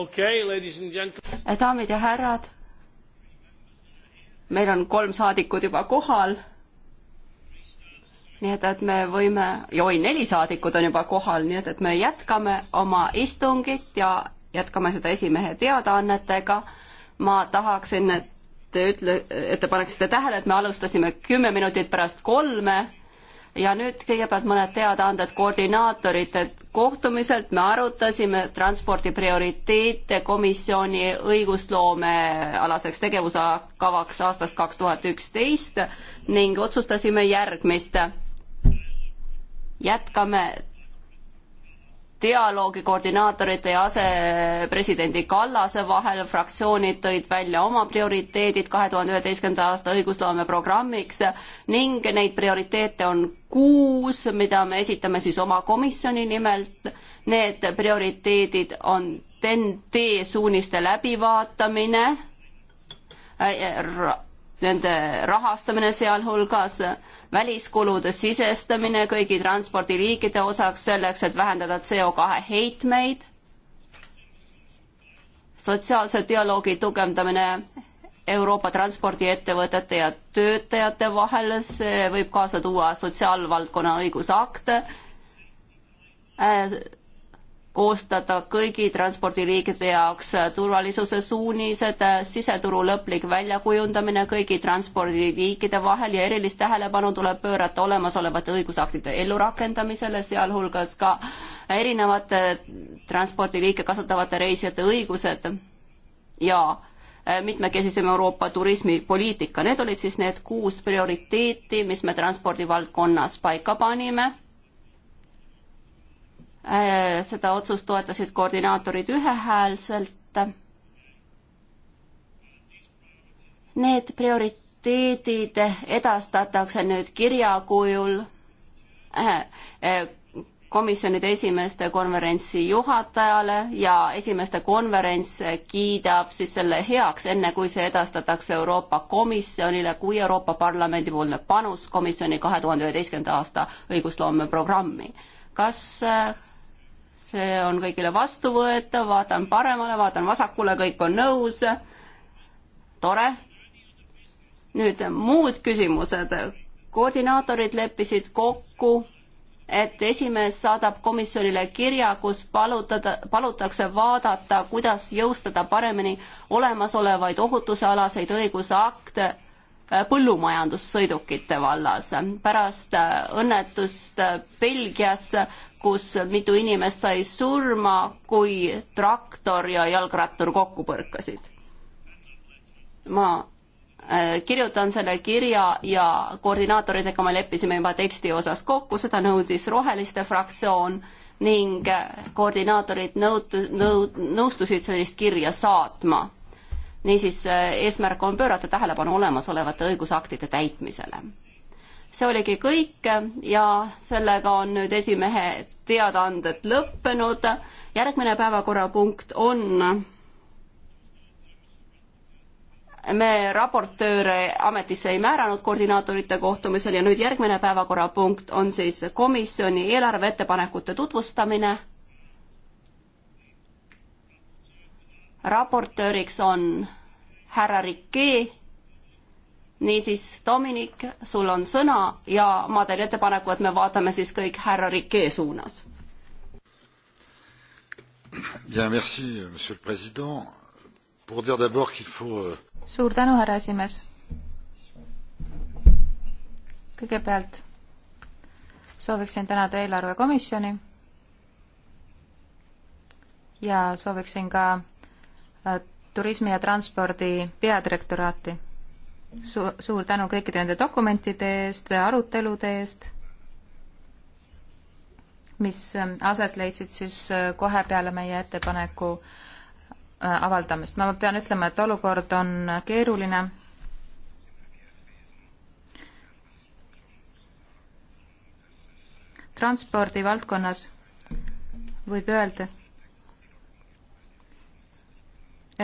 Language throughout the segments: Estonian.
okay,. daamid ja härrad, meil on kolm saadikut juba kohal. nii et, et me võime, oi, neli saadikut on juba kohal, nii et, et me jätkame oma istungit ja jätkame seda esimehe teadaannetega. ma tahaksin, et te ütle, et te paneksite tähele, et me alustasime kümme minutit pärast kolme ja nüüd kõigepealt mõned teadaanded koordinaatorite kohtumiselt. me arutasime transpordi prioriteete komisjoni õigusloomealaseks tegevuskavaks aastast kaks tuhat üksteist ning otsustasime järgmist. jätkame dialoogi koordinaatorite ja asepresidendi Kallase vahel, fraktsioonid tõid välja oma prioriteedid kahe tuhande üheteistkümnenda aasta õigusloome programmiks ning neid prioriteete on kuus, mida me esitame siis oma komisjoni nimelt. Need prioriteedid on TEN-T suuniste läbivaatamine, äh, äh, nende rahastamine sealhulgas, väliskulude sisestamine kõigi transpordiliikide osaks selleks, et vähendada CO2 heitmeid, sotsiaalse dialoogi tugevdamine Euroopa transpordiettevõtete ja töötajate vahel, see võib kaasa tuua sotsiaalvaldkonna õigusakte, äh, koostada kõigi transpordiliigide jaoks turvalisuse suunised, siseturu lõplik väljakujundamine kõigi transpordiliikide vahel ja erilist tähelepanu tuleb pöörata olemasolevate õigusaktide ellurakendamisele, sealhulgas ka erinevate transpordiliike kasutavate reisijate õigused ja eh, mitmekesisem Euroopa turismipoliitika. Need olid siis need kuus prioriteeti, mis me transpordivaldkonnas paika panime Äh, seda otsust toetasid koordinaatorid ühehäälselt. Need prioriteedid edastatakse nüüd kirja kujul äh, äh, komisjonide esimeeste konverentsi juhatajale ja esimeeste konverents kiidab siis selle heaks, enne kui see edastatakse Euroopa Komisjonile kui Euroopa Parlamendi poolne panus komisjoni kahe tuhande üheteistkümnenda aasta õigusloome programmi. kas see on kõigile vastuvõetav, vaatan paremale, vaatan vasakule, kõik on nõus. tore. nüüd muud küsimused. koordinaatorid leppisid kokku, et esimees saadab komisjonile kirja, kus palutada, palutakse vaadata, kuidas jõustada paremini olemasolevaid ohutusealaseid õigusakte põllumajandussõidukite vallas. pärast äh, õnnetust äh, Belgias, kus mitu inimest sai surma, kui traktor ja jalgrattur kokku põrkasid. ma äh, kirjutan selle kirja ja koordinaatoritega me leppisime juba teksti osas kokku, seda nõudis Roheliste fraktsioon ning koordinaatorid nõut-, nõu-, nõustusid sellist kirja saatma niisiis, eh, eesmärk on pöörata tähelepanu olemasolevate õigusaktide täitmisele. see oligi kõik ja sellega on nüüd esimehe teadaanded lõppenud. järgmine päevakorrapunkt on me raportööre ametisse ei määranud koordinaatorite kohtumisel ja nüüd järgmine päevakorrapunkt on siis komisjoni eelarveettepanekute tutvustamine raportööriks on härra Rikee. niisiis, Dominik, sul on sõna ja ma teen ettepaneku, et me vaatame siis kõik härra Rikee suunas. Bien, merci, monsieur le president. Pour dire d'abord qu'il faut euh, suur tänu, härra esimees. kõigepealt sooviksin tänada eelarvekomisjoni ja sooviksin ka Äh, turismi ja transpordi peadirektoraati. Su-, suur tänu kõikide nende dokumentide eest ja arutelude eest, mis äh, aset leidsid siis äh, kohe peale meie ettepaneku avaldamist. ma pean ütlema, et olukord on keeruline transpordi valdkonnas võib öelda,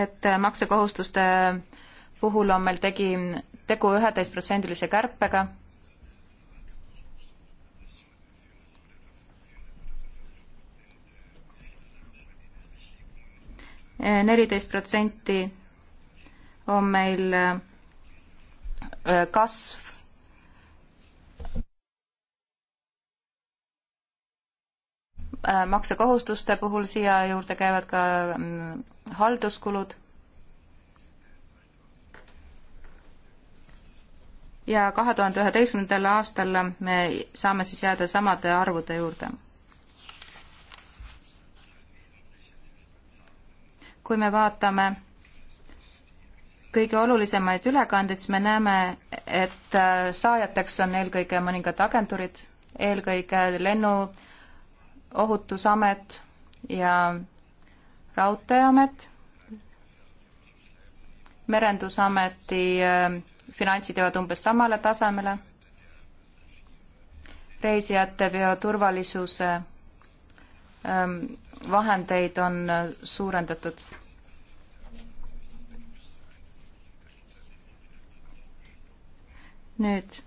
et äh, maksekohustuste äh, puhul on meil tegi, tegu üheteistprotsendilise kärpega. Äh, neliteist protsenti on meil kasv maksekohustuste puhul siia juurde käivad ka mm, halduskulud ja kahe tuhande üheteistkümnendal aastal me saame siis jääda samade arvude juurde. kui me vaatame kõige olulisemaid ülekandeid, siis me näeme, et saajateks on eelkõige mõningad agentuurid, eelkõige lennuohutusamet ja raudteeamet, merendusameti äh, finantsid jõuavad umbes samale tasemele, reisijate veoturvalisuse ähm, vahendeid on äh, suurendatud nüüd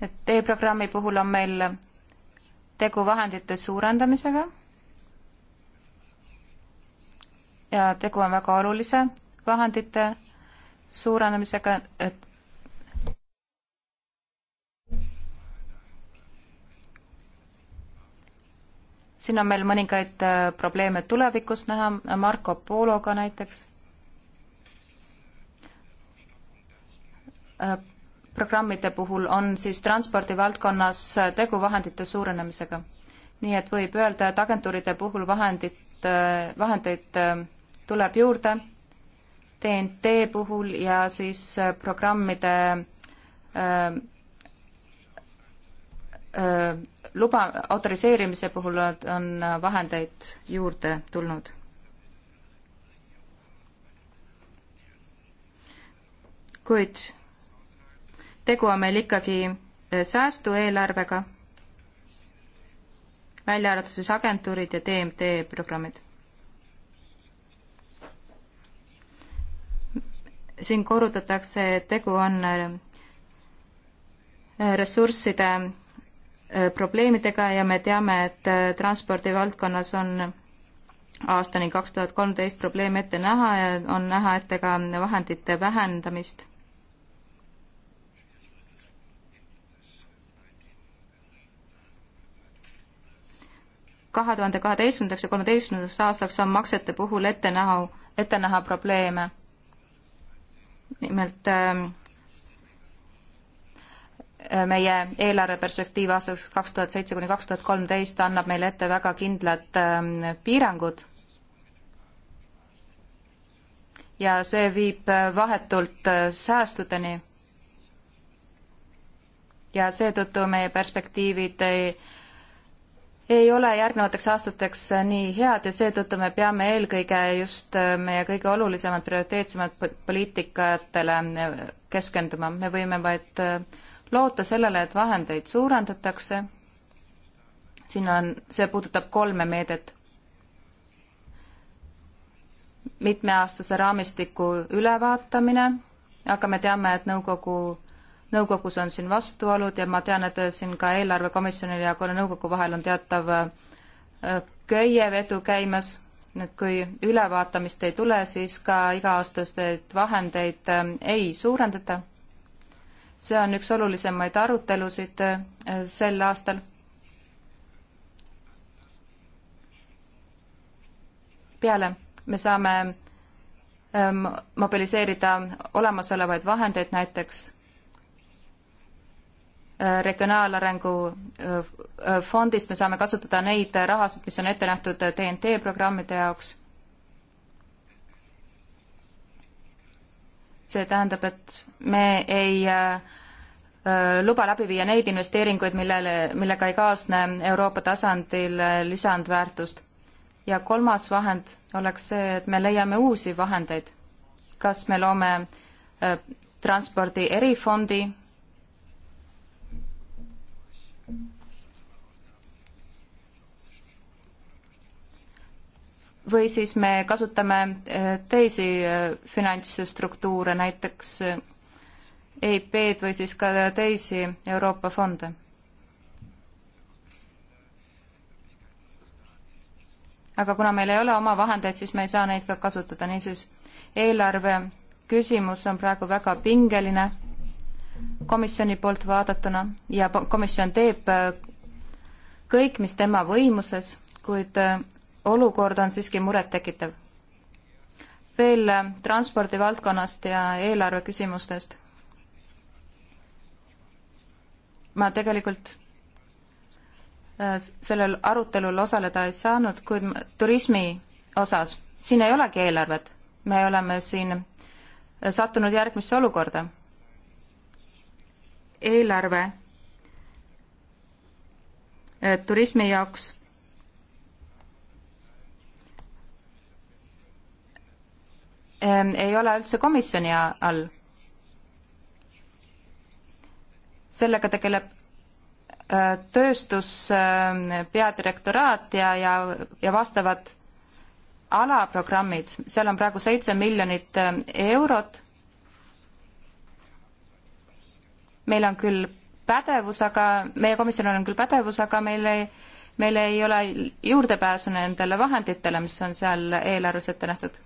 et e-programmi puhul on meil tegu vahendite suurendamisega ja tegu on väga olulise vahendite suurenemisega, et siin on meil mõningaid äh, probleeme tulevikus näha, Marco Pologa näiteks äh, programmide puhul on siis transpordivaldkonnas tegu vahendite suurenemisega. nii et võib öelda, et agentuuride puhul vahendid, äh, vahendeid äh, tuleb juurde, TNT puhul ja siis äh, programmide öö, öö, luba, autoriseerimise puhul on vahendeid juurde tulnud. kuid tegu on meil ikkagi eh, säästueelarvega, välja arvatud siis agentuurid ja DMT programmid. siin korrutatakse, et tegu on eh, ressursside eh, probleemidega ja me teame, et transpordi valdkonnas on aastani kaks tuhat kolmteist probleem ette näha ja on näha ette ka vahendite vähendamist kahe tuhande kaheteistkümnendaks ja kolmeteistkümnendaks aastaks on maksete puhul ette näha, ette näha probleeme. nimelt ähm, meie eelarveperspektiiv aastaks kaks tuhat seitse kuni kaks tuhat kolmteist annab meile ette väga kindlad ähm, piirangud ja see viib äh, vahetult äh, säästudeni. ja seetõttu meie perspektiivid ei ei ole järgnevateks aastateks nii head ja seetõttu me peame eelkõige just äh, meie kõige olulisemad, prioriteetsemad poliitikatele äh, keskenduma. me võime vaid äh, loota sellele, et vahendeid suurendatakse. siin on, see puudutab kolme meedet. mitmeaastase raamistiku ülevaatamine, aga me teame, et nõukogu nõukogus on siin vastuolud ja ma tean, et siin ka eelarvekomisjonil ja nõukogu vahel on teatav äh, köievedu käimas, et kui ülevaatamist ei tule, siis ka iga-aastaseid vahendeid äh, ei suurendata. see on üks olulisemaid arutelusid äh, sel aastal. peale me saame ähm, mobiliseerida olemasolevaid vahendeid näiteks Äh, regionaalarengu äh, äh, fondist me saame kasutada neid rahasid, mis on ette nähtud TNT programmide jaoks. see tähendab, et me ei luba läbi viia neid investeeringuid, millele, millega ei kaasne Euroopa tasandil lisandväärtust. ja kolmas vahend oleks see, et me leiame uusi vahendeid. kas me loome transpordi erifondi või siis me kasutame äh, teisi äh, finantsstruktuure, näiteks äh, EIP-d või siis ka teisi Euroopa fonde. aga kuna meil ei ole oma vahendeid, siis me ei saa neid ka kasutada, niisiis eelarve küsimus on praegu väga pingeline komisjoni poolt vaadatuna ja komisjon teeb äh, kõik, mis tema võimuses, kuid äh, olukord on siiski murettekitav. veel äh, transpordi valdkonnast ja eelarve küsimustest. ma tegelikult sellel arutelul osaleda ei saanud, kuid turismi osas, siin ei olegi eelarvet, me oleme siin sattunud järgmisse olukorda eelarve äh, turismi jaoks ähm, ei ole üldse komisjoni all. sellega tegeleb äh, tööstus, ähm, peadirektoraat ja, ja, ja vastavad alaprogrammid, seal on praegu seitse miljonit ähm, eurot meil on küll pädevus, aga meie komisjonil on küll pädevus, aga meil ei, meil ei ole juurdepääsu nendele vahenditele, mis on seal eelarves ette nähtud.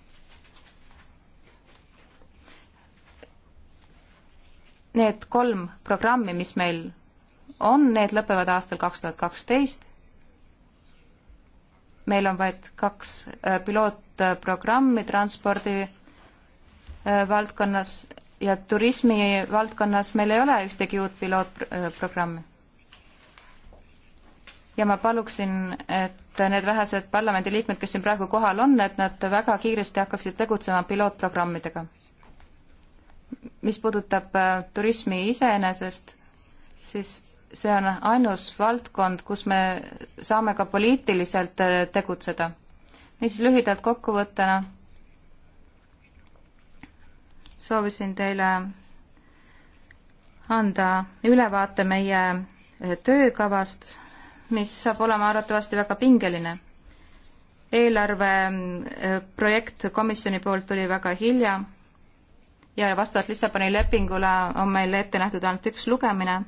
Need kolm programmi, mis meil on, need lõpevad aastal kaks tuhat kaksteist. meil on vaid kaks äh, pilootprogrammi transpordi äh, valdkonnas ja turismi valdkonnas meil ei ole ühtegi uut pilootprogrammi. ja ma paluksin, et need vähesed parlamendiliikmed, kes siin praegu kohal on, et nad väga kiiresti hakkaksid tegutsema pilootprogrammidega. mis puudutab äh, turismi iseenesest, siis see on ainus valdkond, kus me saame ka poliitiliselt äh, tegutseda. niisiis lühidalt kokkuvõttena soovisin teile anda ülevaate meie töökavast, mis saab olema arvatavasti väga pingeline. eelarveprojekt äh, komisjoni poolt tuli väga hilja ja vastavalt Lissaboni lepingule on meil ette nähtud ainult üks lugemine.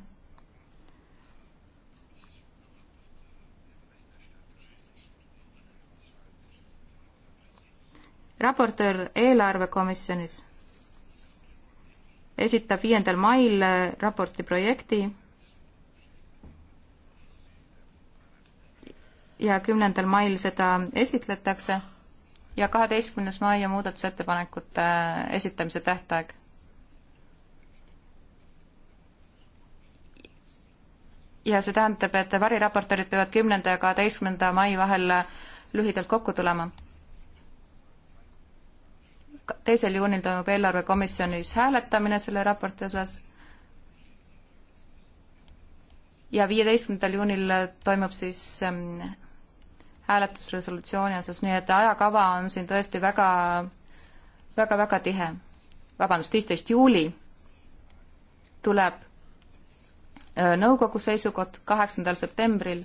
raportöör eelarvekomisjonis esitab viiendal mail äh, raporti projekti ja kümnendal mail seda esitletakse ja kaheteistkümnes mai on muudatusettepanekute äh, esitamise tähtaeg. ja see tähendab, et variraportorid peavad kümnenda ja kaheteistkümnenda mai vahel äh, lühidalt kokku tulema teisel juunil toimub eelarvekomisjonis hääletamine selle raporti osas ja viieteistkümnendal juunil toimub siis ähm, hääletus resolutsiooni osas, nii et ajakava on siin tõesti väga, väga-väga tihe. vabandust, viisteist juuli tuleb äh, nõukogu seisukoht, kaheksandal septembril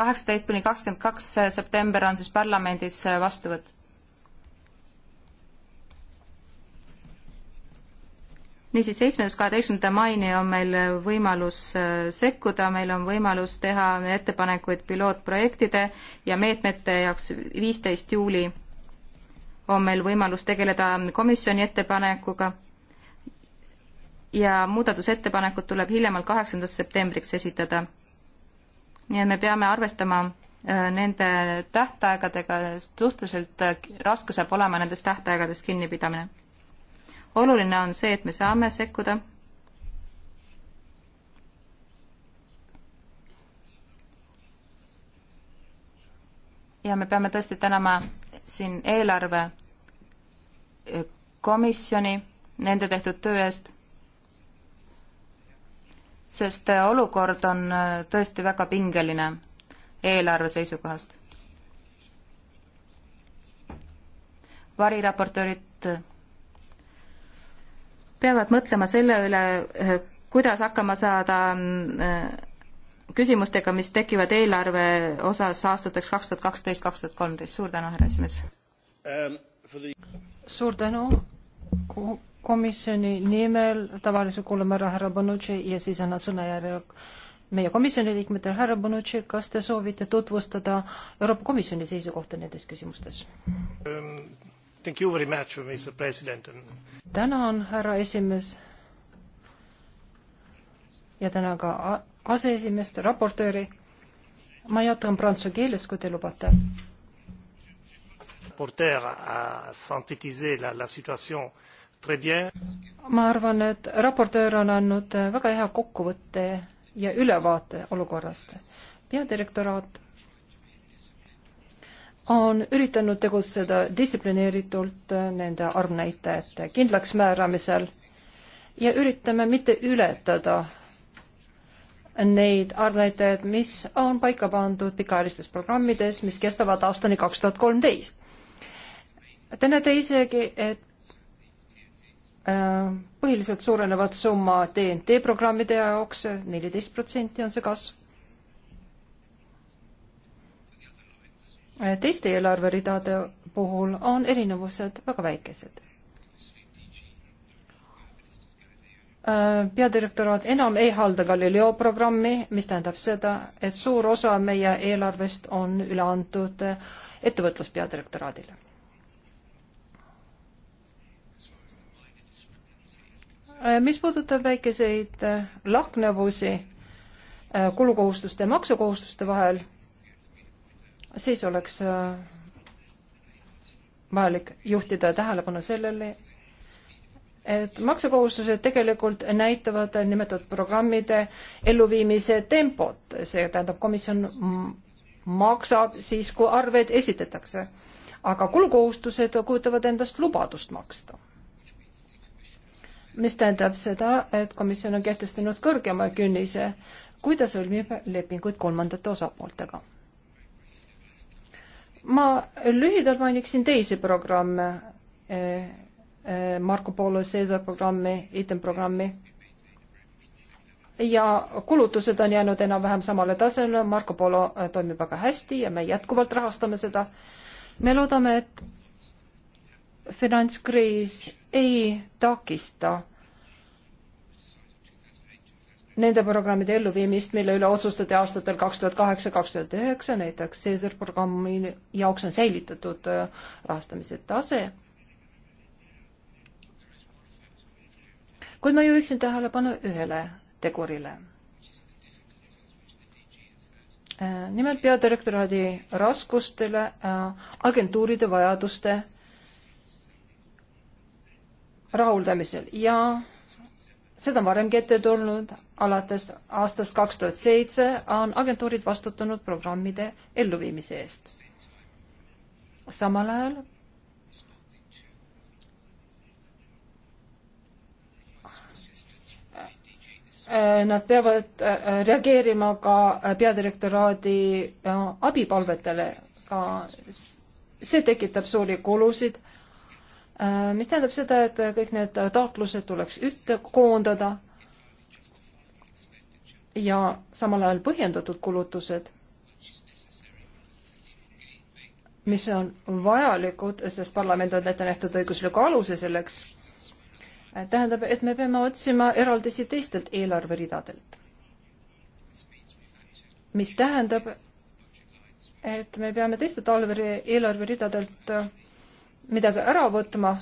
kaheksateist kuni kakskümmend kaks september on siis parlamendis vastuvõtt. niisiis, seitsmendast kaheteistkümnenda maini on meil võimalus äh, sekkuda, meil on võimalus teha ettepanekuid pilootprojektide ja meetmete jaoks viisteist juuli on meil võimalus tegeleda komisjoni ettepanekuga ja muudatusettepanekud tuleb hiljemalt kaheksandaks septembriks esitada nii et me peame arvestama äh, nende tähtaegadega, suhteliselt äh, raske saab olema nendest tähtaegadest kinnipidamine. oluline on see, et me saame sekkuda ja me peame tõesti tänama siin eelarve äh, komisjoni nende tehtud töö eest sest äh, olukord on äh, tõesti väga pingeline eelarve seisukohast. variraportöörid äh, peavad mõtlema selle üle, kuidas hakkama saada küsimustega, mis tekivad eelarve osas aastateks kaks tuhat kaksteist, kaks tuhat kolmteist. suur tänu, härra esimees um,! The... suur tänu, komisjoni nimel tavaliselt kuulame ära härra Bonucci ja siis annan sõna järel meie komisjoni liikmetel. härra Bonucci, kas te soovite tutvustada Euroopa Komisjoni seisukohta nendes küsimustes um,? tänan, härra esimees. ja tänan ka aseesimeest, raportööri. ma jätkan prantsuse keeles, kui te lubate rapporteur a synthétisé la, la situation euh, ma arvan, et raportöör on andnud väga hea kokkuvõtte ja ülevaate olukorrast. peadirektoraat on üritanud tegutseda distsiplineeritult nende arvnäitajate kindlaksmääramisel ja üritame mitte ületada neid arvnäitajaid, mis on paika pandud pikaajalistes programmides, mis kestavad aastani kaks tuhat kolmteist. Te näete isegi, et Äh, põhiliselt suurenevad summa TNT programmide jaoks, neliteist protsenti on see kasv. Äh, teiste eelarveridade puhul on erinevused väga väikesed. Äh, peadirektoraat enam ei halda Galileo programmi, mis tähendab seda, et suur osa meie eelarvest on üle antud ettevõtluspeadirektoraadile Äh, mis puudutab väikeseid äh, lahknevusi äh, kulukohustuste ja maksukohustuste vahel, siis oleks vajalik juhtida tähelepanu sellele, et maksukohustused tegelikult näitavad nimetatud programmide elluviimise tempot, see tähendab, komisjon maksab siis, kui arveid esitatakse. aga kulukohustused kujutavad endast lubadust maksta mis tähendab seda, et komisjon on kehtestanud kõrgema künnise, kui ta sõlmib lepinguid kolmandate osapooltega. ma lühidalt mainiksin teisi programme, eh, eh, Marko Polo Caesar programmi, ITEM programmi ja kulutused on jäänud enam-vähem samale tasemele, Marko Polo eh, toimib väga hästi ja me jätkuvalt rahastame seda. me loodame, et finantskriis ei takista nende programmide elluviimist, mille üle otsustati aastatel kaks tuhat kaheksa, kaks tuhat üheksa, näiteks Caesar programmi jaoks on säilitatud äh, rahastamise tase. kuid ma juhiksin tähelepanu ühele tegurile. Äh, nimelt peadirektoraadi raskustele äh, agentuuride vajaduste rahuldamisel ja seda on varemgi ette tulnud, alates aastast kaks tuhat seitse on agentuurid vastutanud programmide elluviimise eest. samal ajal äh, Nad peavad äh, reageerima ka peadirektoraadi äh, abipalvetele, ka see tekitab suuri kulusid, mis tähendab seda, et kõik need taotlused tuleks ühte koondada ja samal ajal põhjendatud kulutused, mis on vajalikud, sest parlament on ette nähtud õigusliku aluse selleks, tähendab, et me peame otsima eraldisi teistelt eelarveridadelt. mis tähendab, et me peame teistelt eelarveridadelt midagi ära võtma,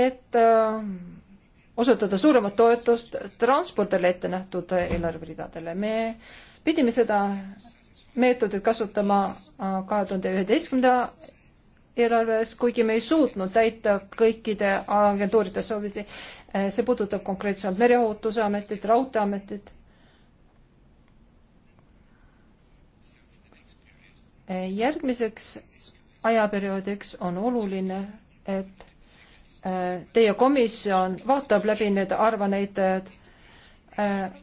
et äh, osutada suuremat toetust transpordile ette nähtud eelarveridadele. me pidime seda meetodit kasutama äh, kahe tuhande üheteistkümnenda eelarves, kuigi me ei suutnud täita kõikide agentuuride soovisi. Äh, see puudutab konkreetselt Mereohutusametit, Raudteeametit. Äh, järgmiseks ajaperioodiks on oluline, et teie komisjon vaatab läbi need arvanäitajad äh,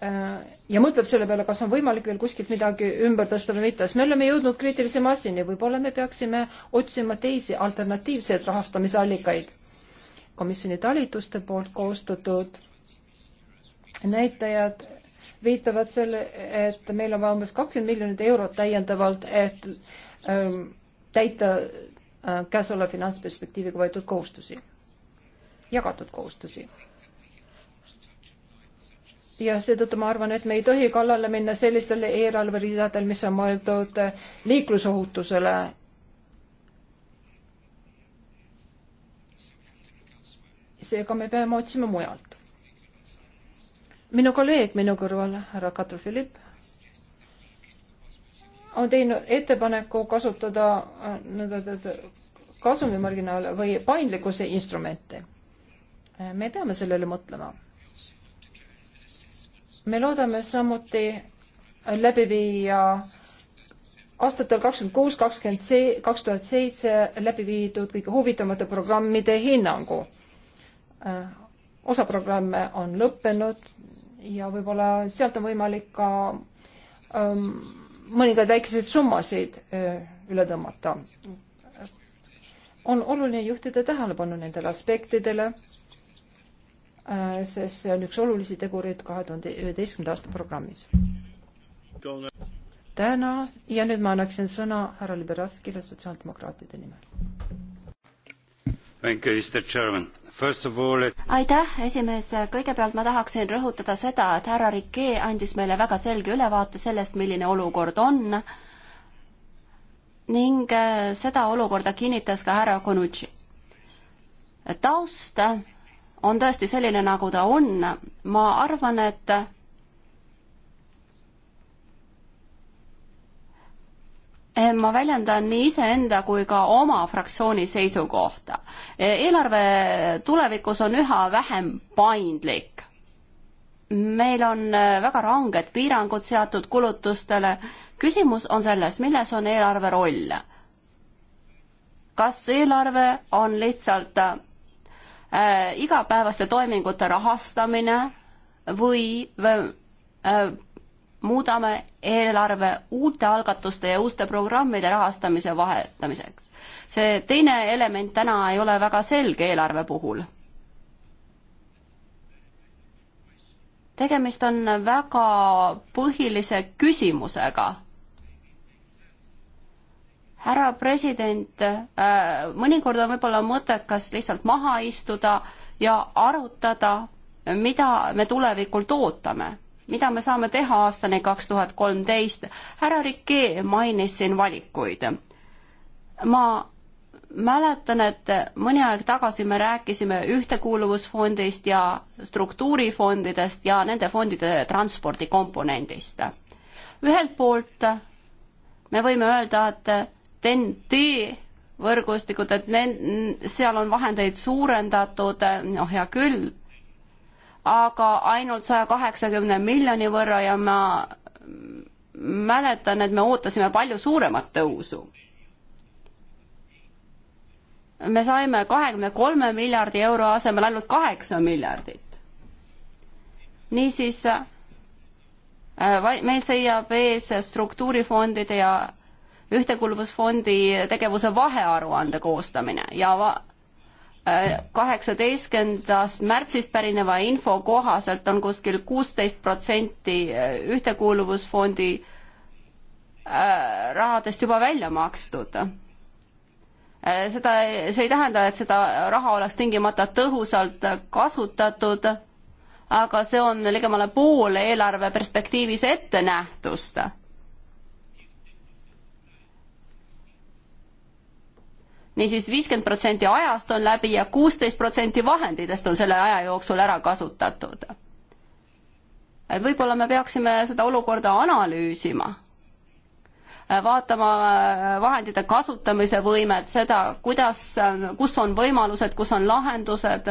äh, ja mõtleb selle peale, kas on võimalik veel kuskilt midagi ümber tõsta või mitte, sest me oleme jõudnud kriitilise massini, võib-olla me peaksime otsima teisi alternatiivseid rahastamisallikaid. komisjoni talituste poolt koostatud näitajad viitavad selle, et meil on vaja umbes kakskümmend miljonit eurot täiendavalt, et ähm, täita Äh, käesoleva finantsperspektiiviga võetud kohustusi, jagatud kohustusi. ja seetõttu ma arvan, et me ei tohi kallale minna sellistele eelarveridadel, mis on mõeldud äh, liiklusohutusele seega me peame otsima mujalt. minu kolleeg minu kõrval, härra Katru Philipp, on teinud ettepaneku kasutada äh, kasumimarginaale või paindlikkuse instrumente. Äh, me peame sellele mõtlema. me loodame samuti äh, läbi viia aastatel kakskümmend kuus, kakskümmend see, kaks tuhat seitse läbi viidud kõige huvitavamate programmide hinnangu. osa programme on lõppenud ja võib-olla sealt on võimalik ka ähm, mõningaid väikeseid summasid üle tõmmata. on oluline juhtida tähelepanu nendele aspektidele, sest see on üks olulisi tegureid kahe tuhande üheteistkümnenda aasta programmis. täna ja nüüd ma annaksin sõna härra Liberatskile sotsiaaldemokraatide nimel aitäh, esimees, kõigepealt ma tahaksin rõhutada seda, et härra Riquet andis meile väga selge ülevaate sellest, milline olukord on ning äh, seda olukorda kinnitas ka härra Konucci. taust on tõesti selline, nagu ta on, ma arvan, et Eh, ma väljendan nii iseenda kui ka oma fraktsiooni seisukohta. Eh, eelarve tulevikus on üha vähem paindlik. meil on eh, väga ranged piirangud seatud kulutustele. küsimus on selles, milles on eelarve roll. kas eelarve on lihtsalt äh, igapäevaste toimingute rahastamine või, või äh, muudame eelarve uute algatuste ja uute programmide rahastamise vahetamiseks. see teine element täna ei ole väga selge eelarve puhul. tegemist on väga põhilise küsimusega. härra president, äh, mõnikord on võib-olla mõttekas lihtsalt maha istuda ja arutada, mida me tulevikult ootame mida me saame teha aastani kaks tuhat kolmteist. härra Rikee mainis siin valikuid. ma mäletan, et mõni aeg tagasi me rääkisime ühtekuuluvusfondist ja struktuurifondidest ja nende fondide transpordikomponendist. ühelt poolt me võime öelda, et TEN-T võrgustikud, et ne-, seal on vahendeid suurendatud, noh, hea küll aga ainult saja kaheksakümne miljoni võrra ja ma mäletan, et me ootasime palju suuremat tõusu. me saime kahekümne kolme miljardi euro asemel ainult kaheksa miljardit. niisiis äh, meil seisab ees struktuurifondide ja ühtekuuluvusfondi tegevuse vahearuande koostamine ja va-, kaheksateistkümnendast märtsist pärineva info kohaselt on kuskil kuusteist protsenti eh, Ühtekuuluvusfondi eh, rahadest juba välja makstud. Eh, seda, see ei tähenda, et seda raha oleks tingimata tõhusalt kasutatud, aga see on ligemale pool eelarve perspektiivis ettenähtust niisiis viiskümmend protsenti ajast on läbi ja kuusteist protsenti vahenditest on selle aja jooksul ära kasutatud. võib-olla me peaksime seda olukorda analüüsima, vaatama äh, vahendite kasutamise võimet, seda, kuidas, äh, kus on võimalused, kus on lahendused.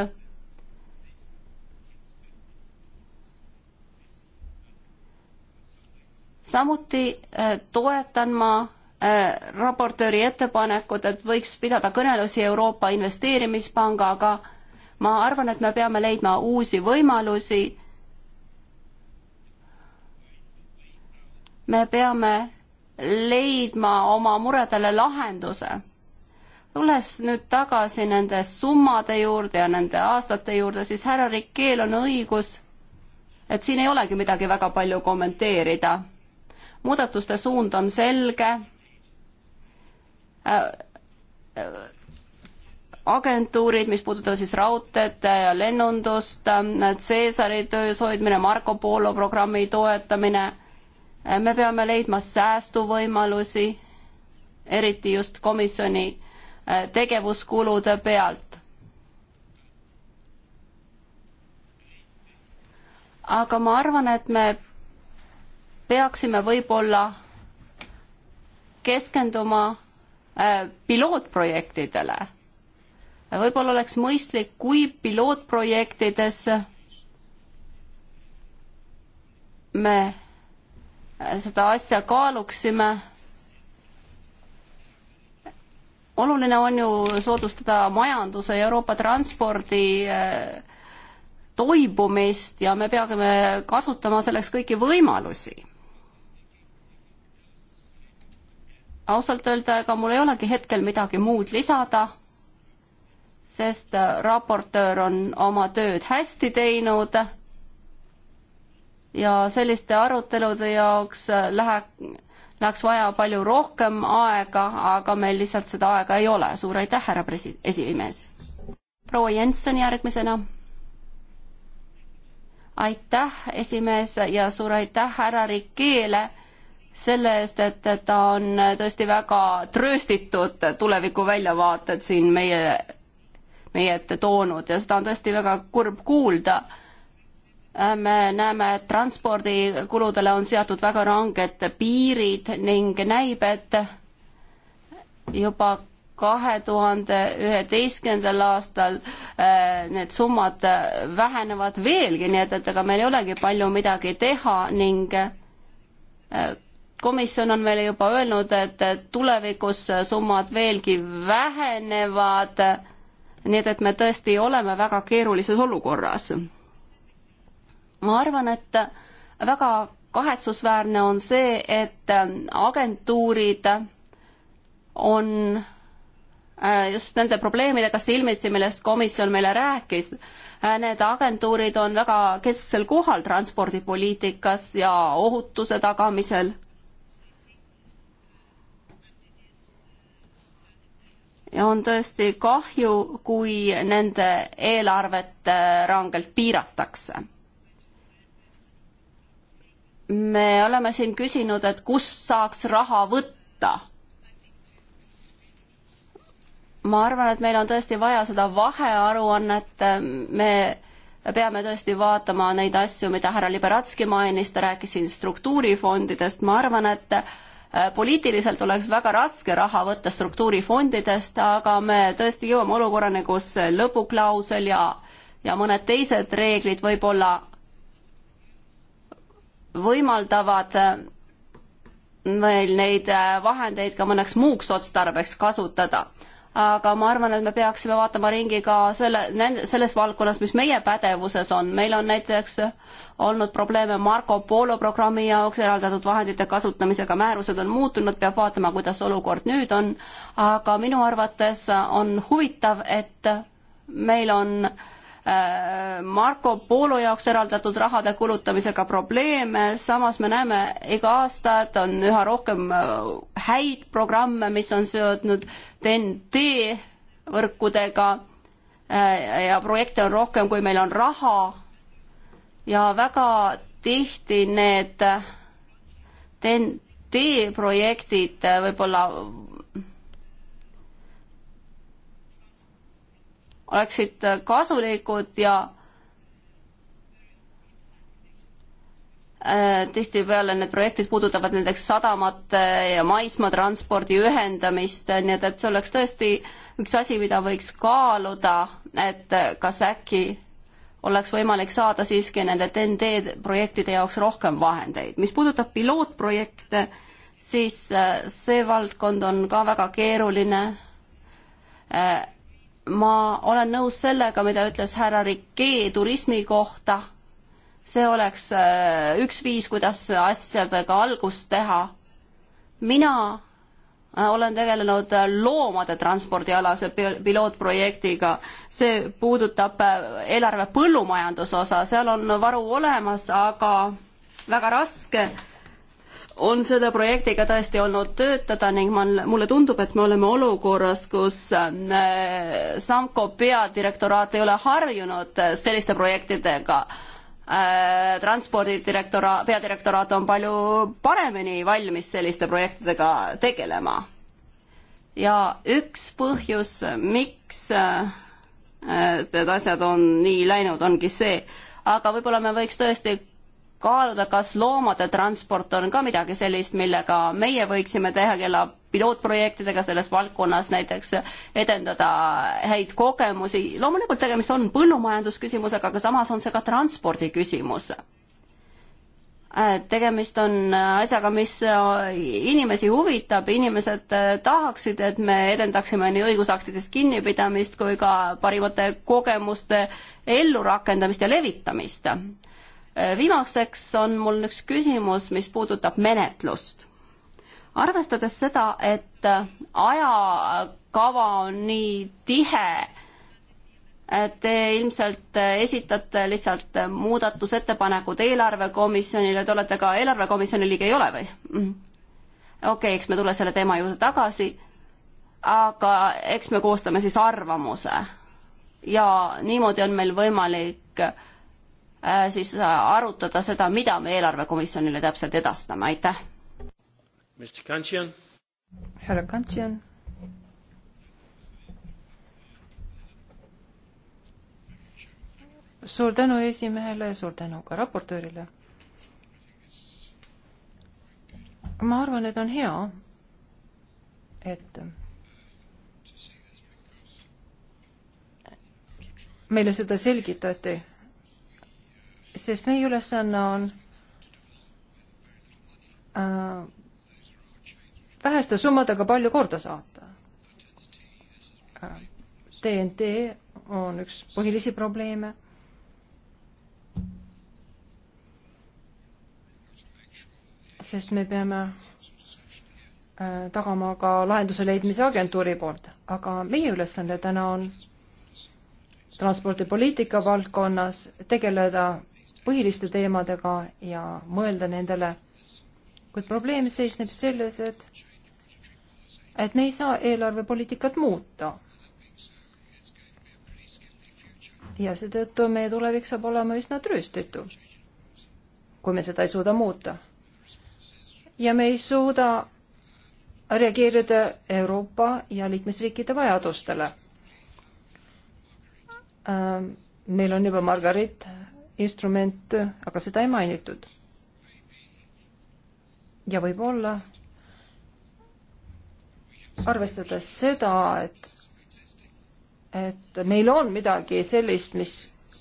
samuti äh, toetan ma Äh, raportööri ettepanekut, et võiks pidada kõnelusi Euroopa Investeerimispangaga. ma arvan, et me peame leidma uusi võimalusi. me peame leidma oma muredele lahenduse. tulles nüüd tagasi nende summade juurde ja nende aastate juurde, siis härra Rikkeel on õigus, et siin ei olegi midagi väga palju kommenteerida. muudatuste suund on selge Äh, äh, agentuurid, mis puudutavad siis raudteed ja lennundust, äh, Caesari töös hoidmine, Marco Polo programmi toetamine. me peame leidma säästuvõimalusi, eriti just komisjoni tegevuskulude pealt. aga ma arvan, et me peaksime võib-olla keskenduma Äh, pilootprojektidele. võib-olla oleks mõistlik, kui pilootprojektides me seda asja kaaluksime. oluline on ju soodustada majanduse ja Euroopa transpordi äh, toibumist ja me peame kasutama selleks kõiki võimalusi ausalt öelda, ega mul ei olegi hetkel midagi muud lisada, sest äh, raportöör on oma tööd hästi teinud ja selliste arutelude jaoks äh, lähe-, läheks vaja palju rohkem aega, aga meil lihtsalt seda aega ei ole. suur aitäh, härra presi-, esimees! proua Jensen järgmisena. aitäh, esimees, ja suur aitäh, härra Rikeele selle eest, et ta on tõesti väga trööstitud tuleviku väljavaated siin meie, meie ette toonud ja seda on tõesti väga kurb kuulda. me näeme, et transpordikuludele on seatud väga ranged piirid ning näib, et juba kahe tuhande üheteistkümnendal aastal eh, need summad vähenevad veelgi, nii et, et ega meil ei olegi palju midagi teha ning eh, komisjon on meile juba öelnud, et tulevikus summad veelgi vähenevad, nii et, et me tõesti oleme väga keerulises olukorras. ma arvan, et väga kahetsusväärne on see, et agentuurid on just nende probleemidega silmitsi, millest komisjon meile rääkis. Need agentuurid on väga kesksel kohal transpordipoliitikas ja ohutuse tagamisel. ja on tõesti kahju, kui nende eelarvet äh, rangelt piiratakse. me oleme siin küsinud, et kust saaks raha võtta ma arvan, et meil on tõesti vaja seda vahearuannet, me peame tõesti vaatama neid asju, mida härra Liberatski mainis, ta rääkis siin struktuurifondidest, ma arvan, et Äh, poliitiliselt oleks väga raske raha võtta struktuurifondidest, aga me tõesti jõuame olukorrani, kus lõpuklausel ja, ja mõned teised reeglid võib-olla võimaldavad äh, meil neid äh, vahendeid ka mõneks muuks otstarbeks kasutada aga ma arvan, et me peaksime vaatama ringi ka selle, selles valdkonnas, mis meie pädevuses on. meil on näiteks olnud probleeme Marco Polo programmi jaoks eraldatud vahendite kasutamisega, määrused on muutunud, peab vaatama, kuidas olukord nüüd on, aga minu arvates on huvitav, et meil on äh, Äh, Marco Polo jaoks eraldatud rahade kulutamisega probleeme, samas me näeme iga aasta, et on üha rohkem äh, häid programme, mis on seotud TNT võrkudega äh, ja projekte on rohkem, kui meil on raha ja väga tihti need TNT projektid võib-olla oleksid kasulikud ja äh, tihtipeale need projektid puudutavad näiteks sadamate ja maismaatranspordi ühendamist, nii et, et see oleks tõesti üks asi, mida võiks kaaluda, et kas äkki oleks võimalik saada siiski nende TNT projektide jaoks rohkem vahendeid. mis puudutab pilootprojekte, siis äh, see valdkond on ka väga keeruline äh, ma olen nõus sellega, mida ütles härra Rikee turismi kohta. see oleks äh, üks viis, kuidas asjadega algust teha. mina äh, olen tegelenud äh, loomade transpordialase pilootprojektiga, see puudutab eelarve põllumajanduse osa, seal on varu olemas, aga väga raske on selle projektiga tõesti olnud töötada ning ma, mulle tundub, et me oleme olukorras, kus ähm, Samko peadirektoraat ei ole harjunud äh, selliste projektidega. Äh, transpordidirektora, peadirektoraat on palju paremini valmis selliste projektidega tegelema. ja üks põhjus, miks äh, need asjad on nii läinud, ongi see, aga võib-olla me võiks tõesti kaaluda, kas loomade transport on ka midagi sellist, millega meie võiksime teha, kella pilootprojektidega selles valdkonnas näiteks edendada häid kogemusi. loomulikult tegemist on põllumajandusküsimusega, aga samas on see ka transpordiküsimus äh, tegemist on äh, asjaga, mis äh, inimesi huvitab, inimesed tahaksid, et me edendaksime nii õigusaktidest kinnipidamist kui ka parimate kogemuste ellurakendamist ja levitamist. Äh, viimaseks on mul üks küsimus, mis puudutab menetlust. arvestades seda, et äh, ajakava on nii tihe, äh, Te ilmselt esitate lihtsalt muudatusettepanekud eelarvekomisjonile, te olete ka eelarvekomisjoni liige, ei ole või? Mhm. okei okay,, eks me tule selle teema juurde tagasi, aga eks me koostame siis arvamuse. ja niimoodi on meil võimalik äh, Äh, siis äh, arutada seda, mida me eelarvekomisjonile täpselt edastame, aitäh. härra Kantšian. suur tänu esimehele ja suur tänu ka raportöörile. ma arvan, et on hea, et meile seda selgitati sest meie ülesanne on äh, väheste summadega palju korda saata äh,. TNT on üks põhilisi probleeme sest me peame äh, tagama ka lahenduse leidmise agentuuri poolt, aga meie ülesanne täna on transpordipoliitika valdkonnas tegeleda põhiliste teemadega ja mõelda nendele. kuid probleem seisneb selles, et, et me ei saa eelarvepoliitikat muuta. ja seetõttu meie tulevik saab olema üsna trööstitu, kui me seda ei suuda muuta. ja me ei suuda reageerida Euroopa ja liikmesriikide vajadustele ähm, meil on juba Margarit instrument, aga seda ei mainitud. ja võib-olla arvestades seda, et, et meil on midagi sellist, mis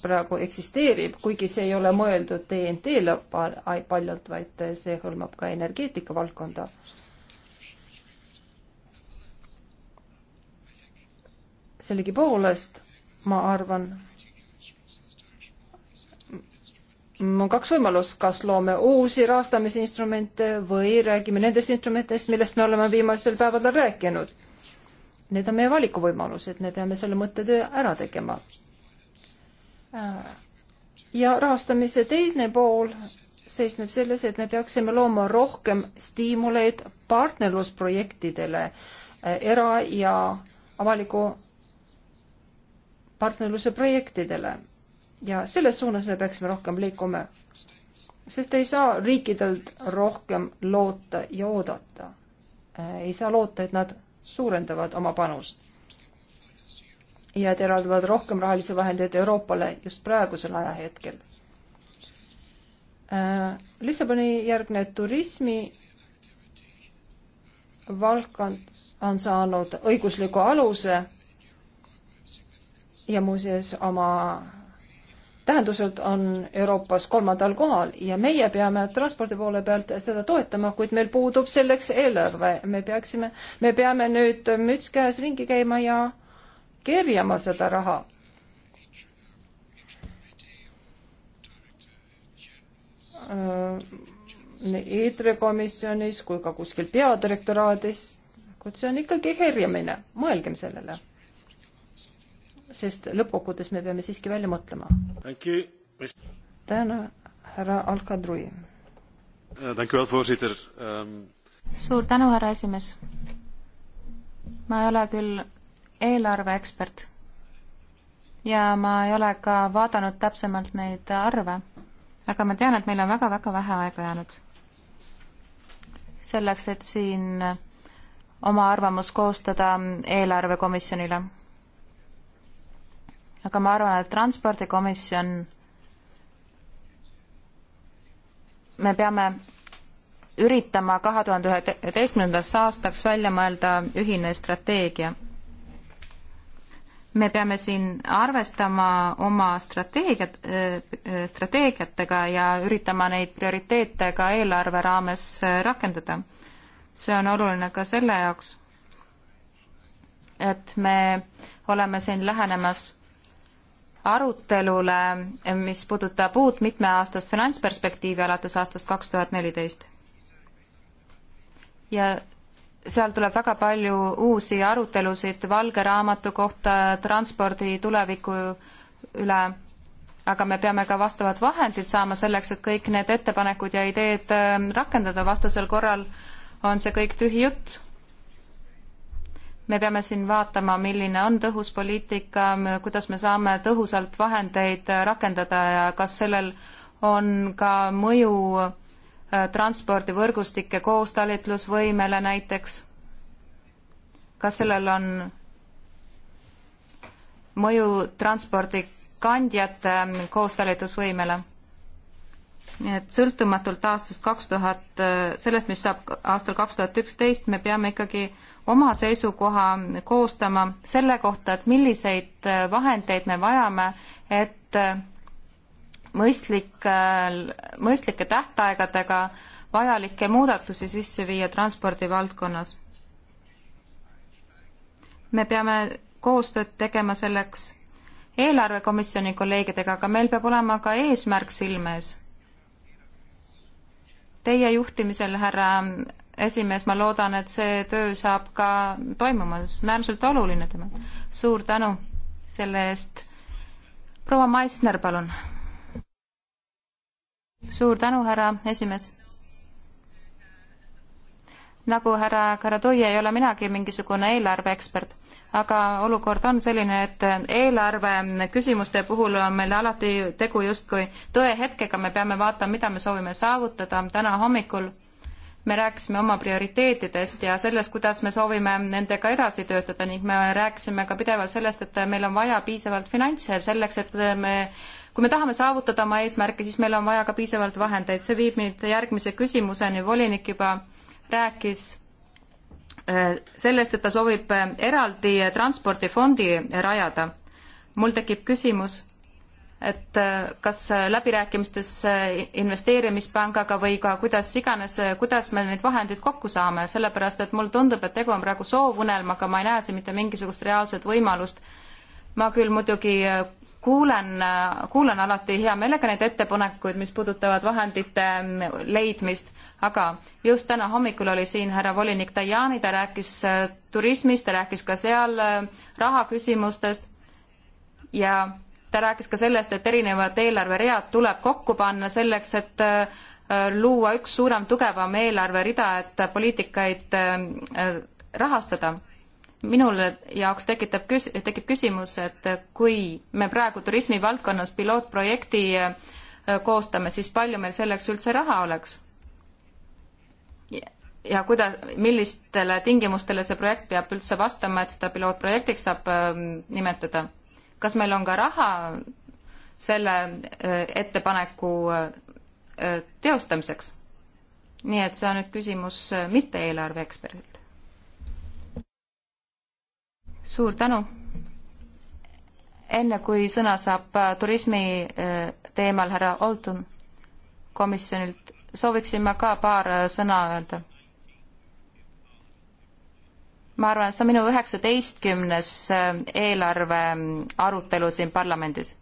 praegu eksisteerib, kuigi see ei ole mõeldud TNT-le paljalt, vaid see hõlmab ka energeetika valdkonda. sellegipoolest ma arvan, on kaks võimalust, kas loome uusi rahastamisinstrumente või räägime nendest instrumentidest, millest me oleme viimasel päevadel rääkinud. Need on meie valikuvõimalused, me peame selle mõttetöö ära tegema. ja rahastamise teine pool seisneb selles, et me peaksime looma rohkem stiimuleid partnerlusprojektidele eh, era- ja avaliku partnerluse projektidele ja selles suunas me peaksime rohkem liikuma, sest ei saa riikidelt rohkem loota ja oodata. Äh, ei saa loota, et nad suurendavad oma panust ja et eraldavad rohkem rahalisi vahendeid Euroopale just praegusel ajahetkel. Äh, Lissaboni järgne turismi valdkond on saanud õigusliku aluse ja muuseas oma tähenduselt on Euroopas kolmandal kohal ja meie peame transpordi poole pealt seda toetama, kuid meil puudub selleks eelarve. me peaksime, me peame nüüd müts käes ringi käima ja kerjama seda raha. Äh, nii eetri komisjonis kui ka kuskil peadirektoraadis, kuid see on ikkagi herjamine, mõelgem sellele sest lõppkokkuvõttes me peame siiski välja mõtlema. tänan, härra Alkadrui. Äh, ehm, suur tänu, härra esimees. ma ei ole küll eelarveekspert ja ma ei ole ka vaadanud täpsemalt neid arve, aga ma tean, et meil on väga-väga vähe aega jäänud selleks, et siin oma arvamus koostada eelarvekomisjonile aga ma arvan, et transpordikomisjon, me peame üritama kahe tuhande üheteistkümnendaks aastaks välja mõelda ühine strateegia. me peame siin arvestama oma strateegiat, äh, strateegiatega ja üritama neid prioriteete ka eelarve raames äh, rakendada. see on oluline ka selle jaoks, et me oleme siin lähenemas arutelule, mis puudutab uut mitmeaastast finantsperspektiivi alates aastast kaks tuhat neliteist. ja seal tuleb väga palju uusi arutelusid valge raamatu kohta, transpordi tuleviku üle, aga me peame ka vastavad vahendid saama selleks, et kõik need ettepanekud ja ideed äh, rakendada, vastasel korral on see kõik tühi jutt me peame siin vaatama, milline on tõhus poliitika, kuidas me saame tõhusalt vahendeid rakendada ja kas sellel on ka mõju äh, transpordivõrgustike koostalitlusvõimele näiteks. kas sellel on mõju transpordikandjate ähm, koostalitlusvõimele? nii et sõltumatult aastast kaks tuhat, äh, sellest, mis saab aastal kaks tuhat üksteist, me peame ikkagi äh, oma seisukoha koostama selle kohta, et milliseid äh, vahendeid me vajame, et äh, mõistlik, äh, mõistlike tähtaegadega vajalikke muudatusi sisse viia transpordi valdkonnas. me peame koostööd tegema selleks eelarvekomisjoni kolleegidega, aga meil peab olema ka eesmärk silme ees. Teie juhtimisel, härra esimees, ma loodan, et see töö saab ka toimuma, sest on äärmiselt oluline tema. suur tänu selle eest. proua Maisner, palun. suur tänu, härra esimees. nagu härra Karadui ei ole minagi mingisugune eelarveekspert, aga olukord on selline, et eelarve küsimuste puhul on meil alati tegu justkui tõehetkega, me peame vaatama, mida me soovime saavutada täna hommikul me rääkisime oma prioriteetidest ja sellest, kuidas me soovime nendega edasi töötada ning me rääkisime ka pidevalt sellest, et meil on vaja piisavalt finantse selleks, et me kui me tahame saavutada oma eesmärke, siis meil on vaja ka piisavalt vahendeid, see viib nüüd järgmise küsimuseni, volinik juba rääkis äh, sellest, et ta soovib äh, eraldi äh, transpordifondi rajada. mul tekib küsimus, et äh, kas äh, läbirääkimistes äh, investeerimispangaga või ka kuidas iganes, kuidas me neid vahendeid kokku saame, sellepärast et mulle tundub, et tegu on praegu soovunelmaga, ma ei näe siin mitte mingisugust reaalset võimalust. ma küll muidugi kuulen, kuulan alati hea meelega neid ettepanekuid, mis puudutavad vahendite ähm, leidmist, aga just täna hommikul oli siin härra volinik Tajani, ta rääkis turismist, ta rääkis ka seal raha küsimustest ja ta rääkis ka sellest, et erinevad eelarveread tuleb kokku panna selleks, et äh, luua üks suurem, tugevam eelarverida, et poliitikaid äh, rahastada. minul jaoks tekitab küs-, tekib küsimus, et kui me praegu turismivaldkonnas pilootprojekti äh, koostame, siis palju meil selleks üldse raha oleks? ja kuida-, millistele tingimustele see projekt peab üldse vastama, et seda pilootprojektiks saab nimetada kas meil on ka raha selle äh, ettepaneku äh, äh, teostamiseks? nii et see on nüüd küsimus mitte eelarve eksperdilt. suur tänu! enne kui sõna saab turismi teemal härra Oltun komisjonilt, sooviksin ma ka paar sõna öelda ma arvan, et see on minu üheksateistkümnes äh, eelarve ähm, arutelu siin parlamendis.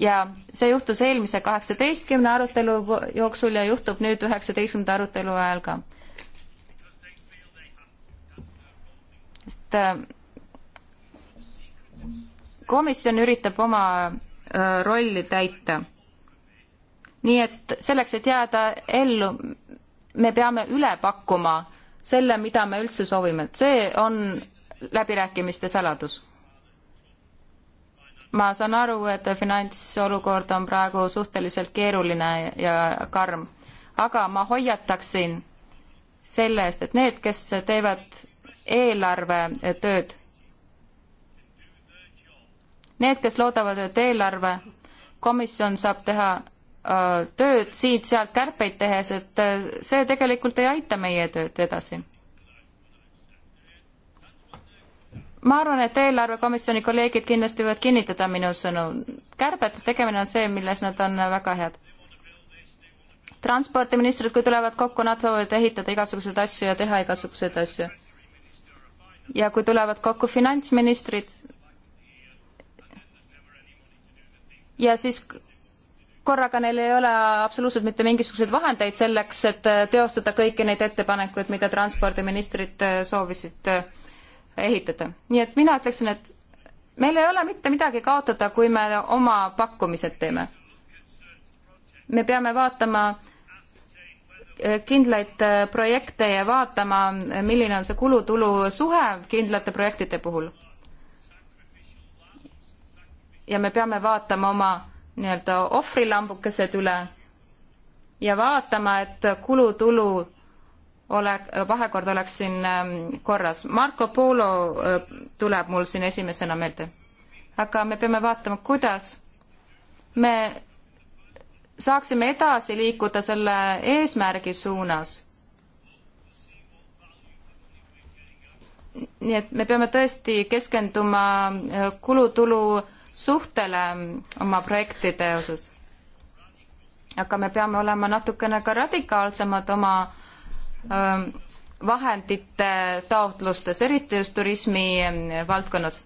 ja see juhtus eelmise kaheksateistkümne arutelu jooksul ja juhtub nüüd üheksateistkümnenda arutelu ajal ka. sest äh, komisjon üritab oma äh, rolli täita. nii et selleks, et jääda ellu, me peame üle pakkuma selle, mida me üldse soovime. see on läbirääkimiste saladus. ma saan aru, et finantsolukord on praegu suhteliselt keeruline ja karm, aga ma hoiataksin selle eest, et need, kes teevad eelarvetööd, need, kes loodavad, et eelarve komisjon saab teha Äh, tööd siit-sealt kärpeid tehes, et äh, see tegelikult ei aita meie tööd edasi. ma arvan, et eelarvekomisjoni kolleegid kindlasti võivad kinnitada minu sõnu. kärbete tegemine on see, milles nad on väga head. transpordiministrid, kui tulevad kokku, nad soovivad ehitada igasuguseid asju ja teha igasuguseid asju. ja kui tulevad kokku finantsministrid ja siis korraga neil ei ole absoluutselt mitte mingisuguseid vahendeid selleks, et äh, teostada kõiki neid ettepanekuid, mida transpordiministrid äh, soovisid äh, ehitada. nii et mina ütleksin, et meil ei ole mitte midagi kaotada, kui me oma pakkumised teeme. me peame vaatama kindlaid projekte ja vaatama, milline on see kulutulu suhe kindlate projektide puhul. ja me peame vaatama oma nii-öelda ohvrilambukesed üle ja vaatama, et kulutulu ole, vahekord oleks siin ähm, korras. Marco Polo äh, tuleb mul siin esimesena meelde. aga me peame vaatama, kuidas me saaksime edasi liikuda selle eesmärgi suunas. nii et me peame tõesti keskenduma äh, kulutulu suhtele mm, oma projektide osas. aga me peame olema natukene ka radikaalsemad oma öö, mm, vahendite taotlustes, eriti just turismi mm, valdkonnas.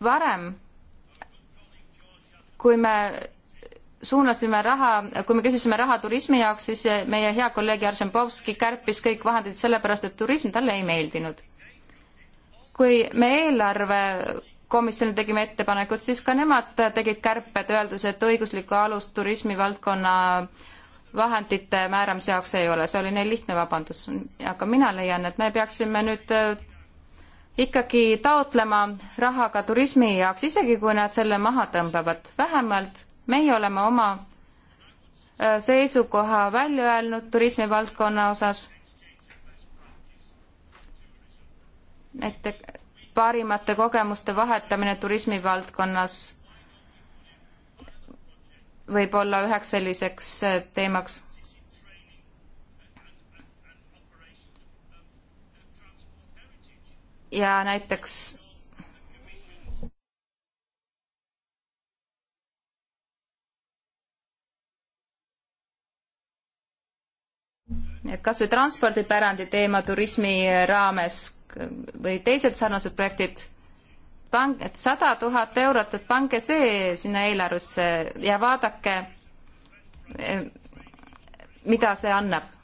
varem, kui me suunasime raha, kui me küsisime raha turismi jaoks, siis meie hea kolleeg Jaršenbovski kärpis kõik vahendid sellepärast, et turism talle ei meeldinud. kui me eelarve komisjoni tegime ettepanekud, siis ka nemad tegid kärped, öeldes, et õiguslikku alust turismivaldkonna vahendite määramise jaoks ei ole, see oli neil lihtne vabandus. aga mina leian, et me peaksime nüüd äh, ikkagi taotlema raha ka turismi jaoks, isegi kui nad selle maha tõmbavad. vähemalt meie oleme oma äh, seisukoha välja öelnud turismivaldkonna osas. et parimate kogemuste vahetamine turismivaldkonnas võib olla üheks selliseks eh, teemaks. ja näiteks et kas või transpordipärandi teema turismi raames, või teised sarnased projektid, pang-, et sada tuhat eurot, et pange see sinna eelarvesse ja vaadake, eh, mida see annab.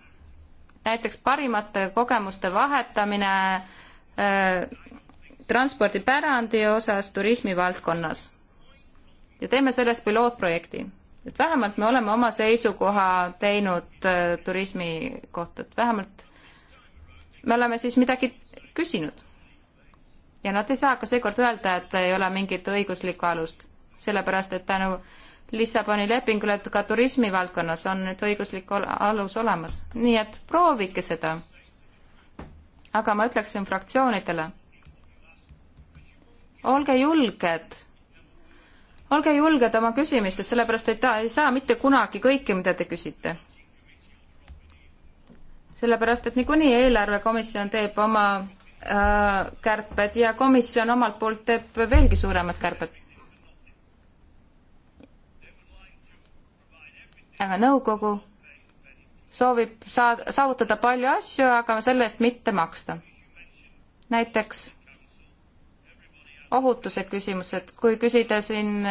näiteks parimate kogemuste vahetamine äh, transpordipärandi osas turismivaldkonnas. ja teeme sellest pilootprojekti. et vähemalt me oleme oma seisukoha teinud äh, turismi kohta, et vähemalt me oleme siis midagi küsinud. ja nad ei saa ka seekord öelda, et ei ole mingit õiguslikku alust, sellepärast et tänu Lissaboni lepingule ka turismivaldkonnas on nüüd õiguslik alus olemas, nii et proovige seda. aga ma ütleksin fraktsioonidele, olge julged, olge julged oma küsimistes, sellepärast et ta ei saa mitte kunagi kõike, mida te küsite sellepärast et niikuinii eelarvekomisjon teeb oma Äh, kärped ja komisjon omalt poolt teeb veelgi suuremad kärped. aga nõukogu soovib saada, saavutada palju asju, aga selle eest mitte maksta. näiteks ohutuse küsimused, kui küsida siin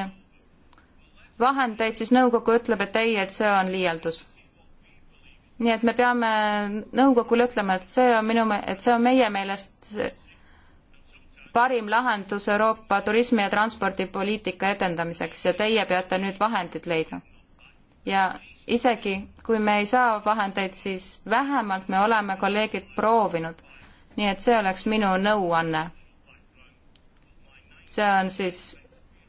vahendeid, siis nõukogu ütleb, et ei, et see on liialdus nii et me peame nõukogule ütlema, et see on minu, et see on meie meelest parim lahendus Euroopa turismi- ja transpordipoliitika edendamiseks ja teie peate nüüd vahendid leidma. ja isegi, kui me ei saa vahendeid, siis vähemalt me oleme, kolleegid, proovinud. nii et see oleks minu nõuanne. see on siis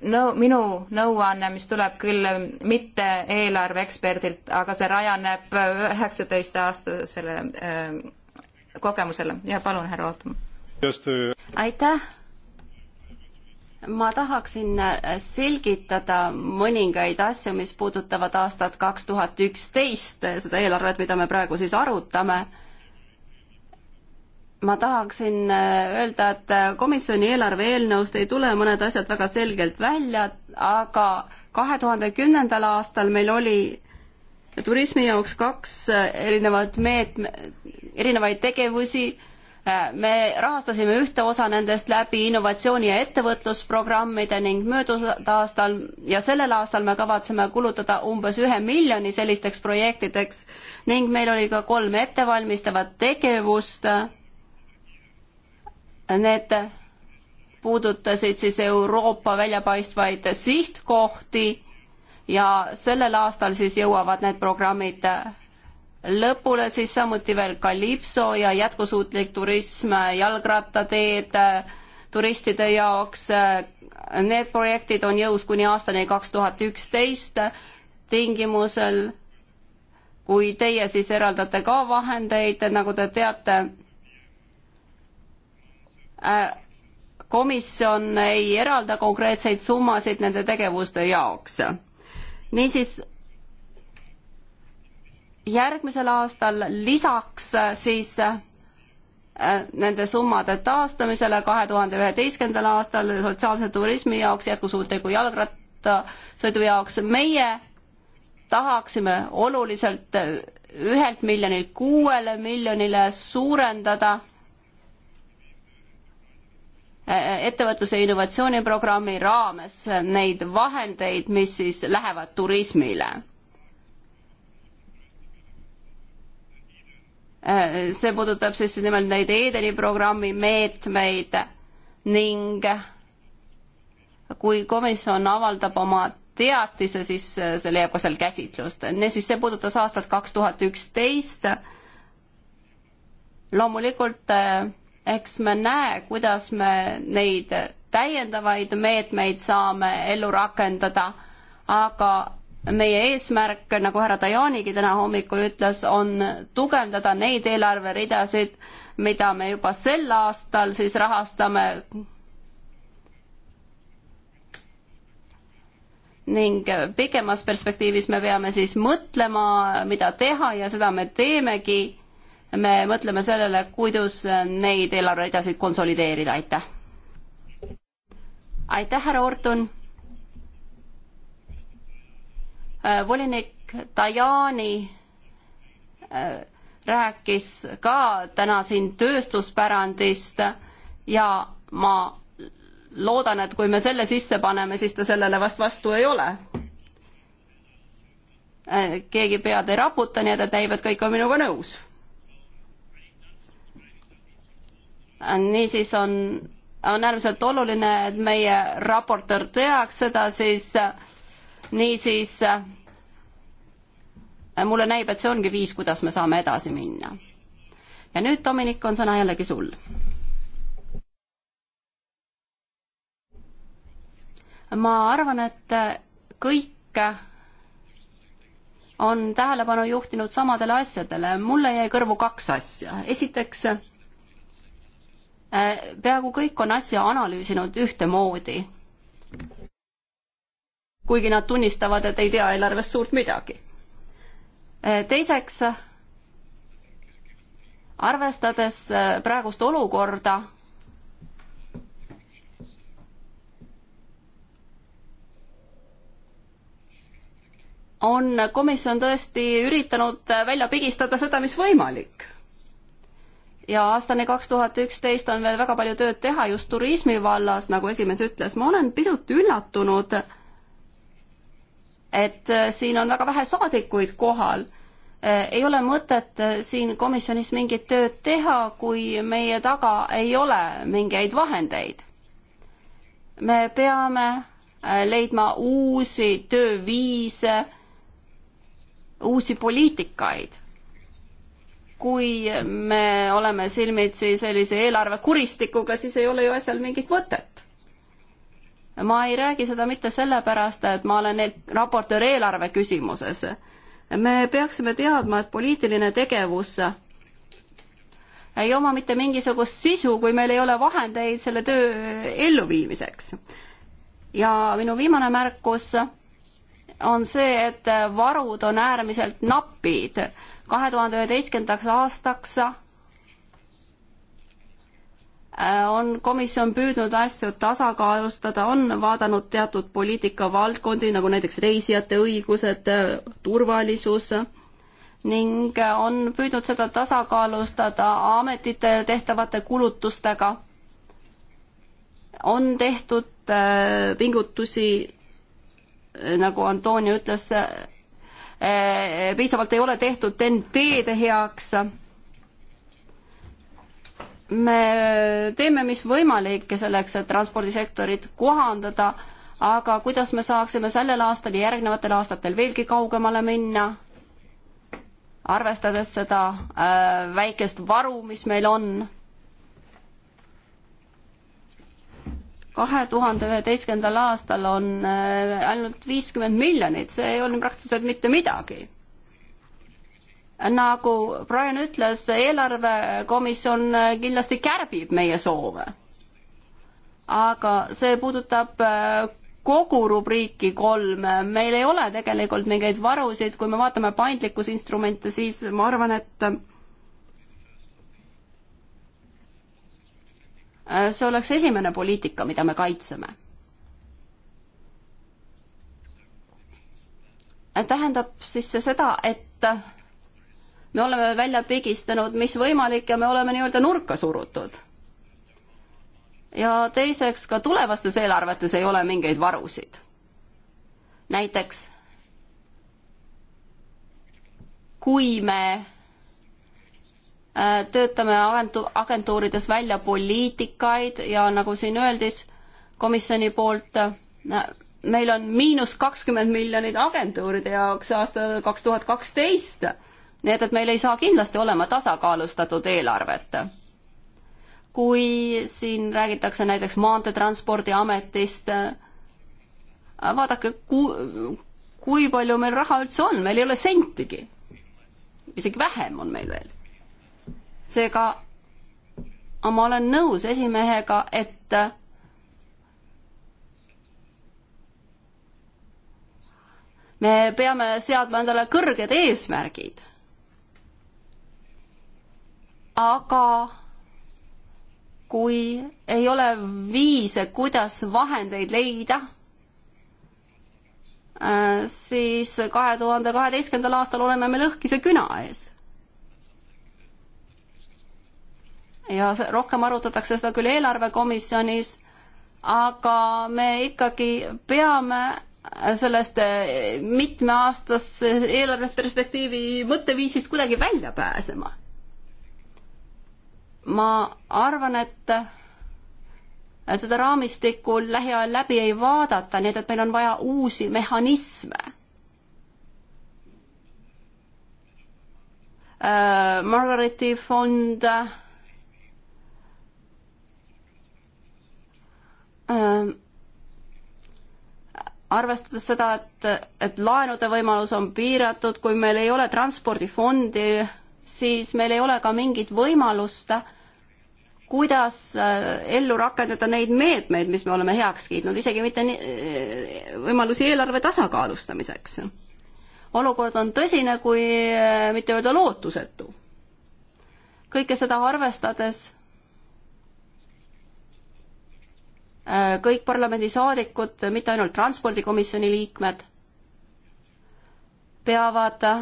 nõu, minu nõuanne, mis tuleb küll mitte eelarveeksperdilt, aga see rajaneb üheksateist aastasele äh, kogemusele ja palun, härra Ootma. Äh, aitäh! ma tahaksin äh, selgitada mõningaid asju, mis puudutavad aastat kaks tuhat üksteist, seda eelarvet, mida me praegu siis arutame ma tahaksin äh, öelda, et äh, komisjoni eelarve eelnõust ei tule mõned asjad väga selgelt välja, aga kahe tuhande kümnendal aastal meil oli turismi jaoks kaks äh, erinevat meetme, erinevaid tegevusi, me rahastasime ühte osa nendest läbi innovatsiooni ja ettevõtlusprogrammide ning möödunud aastal ja sellel aastal me kavatseme kulutada umbes ühe miljoni sellisteks projektideks ning meil oli ka kolm ettevalmistavat tegevust Need puudutasid siis Euroopa väljapaistvaid sihtkohti ja sellel aastal siis jõuavad need programmid lõpule, siis samuti veel Kalipso ja jätkusuutlik turism, jalgrattateed turistide jaoks. Need projektid on jõus kuni aastani kaks tuhat üksteist tingimusel, kui teie siis eraldate ka vahendeid, nagu te teate Äh, komisjon ei eralda konkreetseid summasid nende tegevuste jaoks. niisiis järgmisel aastal lisaks äh, siis äh, nende summade taastamisele kahe tuhande üheteistkümnendal aastal sotsiaalse turismi jaoks, jätkusuutliku jalgrattasõidu jaoks, meie tahaksime oluliselt ühelt miljonilt kuuele miljonile suurendada ettevõtluse innovatsiooniprogrammi raames neid vahendeid, mis siis lähevad turismile. see puudutab siis nimelt neid Edeni programmi meetmeid ning kui komisjon avaldab oma teatise, siis see leiab ka seal käsitlust. siis see puudutas aastat kaks tuhat üksteist. loomulikult eks me näe, kuidas me neid täiendavaid meetmeid saame ellu rakendada, aga meie eesmärk, nagu härra Dajanigi täna hommikul ütles, on tugevdada neid eelarveridasid, mida me juba sel aastal siis rahastame ning pikemas perspektiivis me peame siis mõtlema, mida teha ja seda me teemegi me mõtleme sellele, kuidas neid eelarveridasid konsolideerida, aitäh. aitäh, härra Orton. Äh, volinik Tajani äh, rääkis ka täna siin tööstuspärandist ja ma loodan, et kui me selle sisse paneme, siis ta sellele vast vastu ei ole äh, keegi pead ei raputa, nii et, et näib, et kõik on minuga nõus niisiis on, on äärmiselt oluline, et meie raportöör teaks seda, siis niisiis mulle näib, et see ongi viis, kuidas me saame edasi minna. ja nüüd, Dominik, on sõna jällegi sul. ma arvan, et kõik on tähelepanu juhtinud samadele asjadele. mulle jäi kõrvu kaks asja. esiteks Äh, peaaegu kõik on asja analüüsinud ühtemoodi. kuigi nad tunnistavad, et ei tea eelarvest suurt midagi. Äh, teiseks, arvestades äh, praegust olukorda, on komisjon tõesti üritanud välja pigistada seda, mis võimalik ja aastani kaks tuhat üksteist on veel väga palju tööd teha just turismi vallas, nagu esimees ütles. ma olen pisut üllatunud, et äh, siin on väga vähe saadikuid kohal. Äh, ei ole mõtet äh, siin komisjonis mingit tööd teha, kui meie taga ei ole mingeid vahendeid. me peame leidma uusi tööviise, uusi poliitikaid kui me oleme silmitsi sellise eelarvekuristikuga, siis ei ole ju asjal mingit mõtet. ma ei räägi seda mitte sellepärast, et ma olen raportöör eelarve küsimuses. me peaksime teadma, et poliitiline tegevus ei oma mitte mingisugust sisu, kui meil ei ole vahendeid selle töö elluviimiseks. ja minu viimane märkus on see, et varud on äärmiselt napid kahe tuhande üheteistkümnendaks aastaks äh, on komisjon püüdnud asju tasakaalustada, on vaadanud teatud poliitikavaldkondi, nagu näiteks reisijate õigused, turvalisus ning äh, on püüdnud seda tasakaalustada ametite tehtavate kulutustega. on tehtud äh, pingutusi, nagu Antonio ütles, Äh, piisavalt ei ole tehtud TEN-T-de heaks. me teeme, mis võimalik selleks, et transpordisektorit kohandada, aga kuidas me saaksime sellel aastal ja järgnevatel aastatel veelgi kaugemale minna, arvestades seda äh, väikest varu, mis meil on kahe tuhande üheteistkümnendal aastal on äh, ainult viiskümmend miljonit, see ei olnud praktiliselt mitte midagi. nagu Brian ütles, eelarvekomisjon äh, kindlasti kärbib meie soove. aga see puudutab äh, kogu rubriiki kolm, meil ei ole tegelikult mingeid varusid, kui me vaatame paindlikkusinstrumente, siis ma arvan, et Äh, see oleks esimene poliitika, mida me kaitseme. Äh, tähendab siis see seda, et äh, me oleme välja pigistanud, mis võimalik ja me oleme nii-öelda nurka surutud. ja teiseks, ka tulevastes eelarvetes ei ole mingeid varusid. näiteks kui me Äh, töötame agentuurides välja poliitikaid ja nagu siin öeldi, komisjoni poolt äh, meil on miinus kakskümmend miljonit agentuuride jaoks aastal kaks tuhat kaksteist. nii et, et meil ei saa kindlasti olema tasakaalustatud eelarvet. kui siin räägitakse näiteks Maanteetranspordiametist, äh, vaadake, kui palju meil raha üldse on, meil ei ole sentigi. isegi vähem on meil veel seega ma olen nõus esimehega, et me peame seadma endale kõrged eesmärgid. aga kui ei ole viise, kuidas vahendeid leida, äh, siis kahe tuhande kaheteistkümnendal aastal oleme me lõhkise küna ees ja rohkem arutatakse seda küll eelarvekomisjonis, aga me ikkagi peame sellest eh, mitmeaastase eelarvesperspektiivi mõtteviisist kuidagi välja pääsema. ma arvan, et eh, seda raamistikku lähiajal läbi ei vaadata, nii et, et meil on vaja uusi mehhanisme. Eh, Margareti fond äh, arvestades seda, et, et laenude võimalus on piiratud, kui meil ei ole transpordifondi, siis meil ei ole ka mingit võimalust, kuidas ellu rakendada neid meetmeid, mis me oleme heaks kiitnud, isegi mitte nii, võimalusi eelarve tasakaalustamiseks. olukord on tõsine, kui mitte öelda lootusetu. kõike seda arvestades Äh, kõik parlamendisaadikud, mitte ainult transpordikomisjoni liikmed, peavad äh,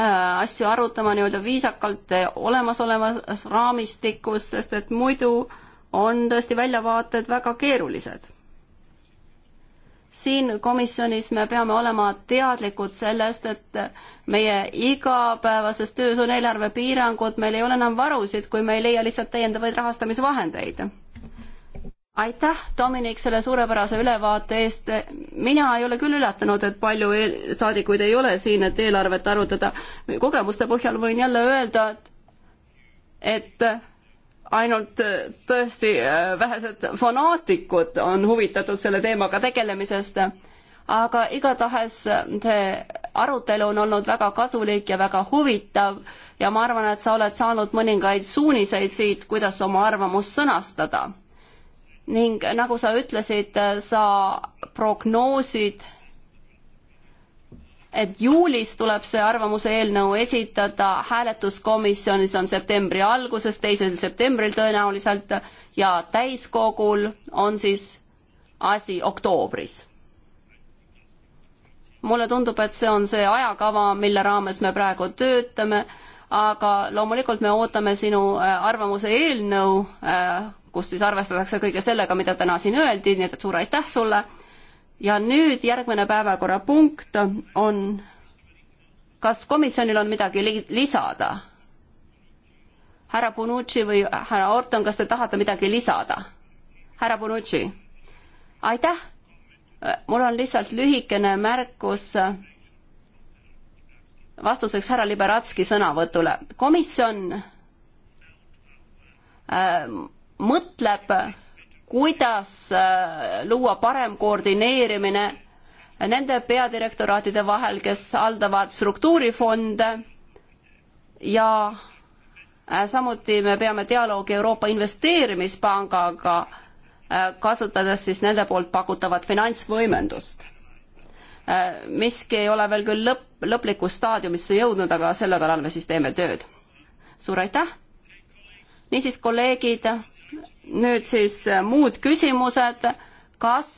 asju arutama nii-öelda viisakalt olemasolevas raamistikus, sest et muidu on tõesti väljavaated väga keerulised siin komisjonis me peame olema teadlikud sellest, et meie igapäevases töös on eelarvepiirangud, meil ei ole enam varusid, kui me ei leia lihtsalt täiendavaid rahastamisvahendeid. aitäh, Dominik, selle suurepärase ülevaate eest. mina ei ole küll üllatunud, et palju saadikuid ei ole siin, et eelarvet arutada. kogemuste põhjal võin jälle öelda, et, et ainult äh, tõesti äh, vähesed fanaatikud on huvitatud selle teemaga tegelemisest, aga igatahes äh, see arutelu on olnud väga kasulik ja väga huvitav ja ma arvan, et sa oled saanud mõningaid suuniseid siit, kuidas oma arvamust sõnastada. ning nagu sa ütlesid, sa prognoosid et juulis tuleb see arvamuse eelnõu esitada, hääletuskomisjonis on septembri alguses, teisel septembril tõenäoliselt ja täiskogul on siis asi oktoobris. mulle tundub, et see on see ajakava, mille raames me praegu töötame, aga loomulikult me ootame sinu äh, arvamuse eelnõu, äh, kus siis arvestatakse kõige sellega, mida täna siin öeldi, nii et suur aitäh sulle ja nüüd järgmine päevakorrapunkt on, kas komisjonil on midagi li lisada? härra Bonucci või härra Orton, kas te tahate midagi lisada? härra Bonucci, aitäh. mul on lihtsalt lühikene märkus vastuseks härra Liberatski sõnavõtule. komisjon äh, mõtleb äh, kuidas äh, luua parem koordineerimine nende peadirektoraatide vahel, kes haldavad struktuurifonde ja äh, samuti me peame dialoogi Euroopa Investeerimispangaga, äh, kasutades siis nende poolt pakutavat finantsvõimendust. miski ei ole veel küll lõpp, lõplikku staadiumisse jõudnud, aga selle kallal me siis teeme tööd. suur aitäh! niisiis, kolleegid nüüd siis äh, muud küsimused, kas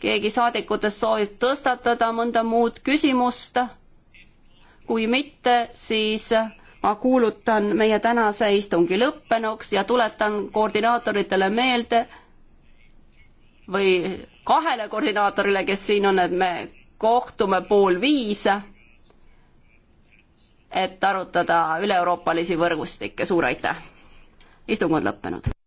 keegi saadikutest soovib tõstatada mõnda muud küsimust? kui mitte, siis äh, ma kuulutan meie tänase istungi lõppenuks ja tuletan koordinaatoritele meelde või kahele koordinaatorile, kes siin on, et me kohtume pool viis, et arutada üle-euroopalisi võrgustikke, suur aitäh! istung on lõppenud.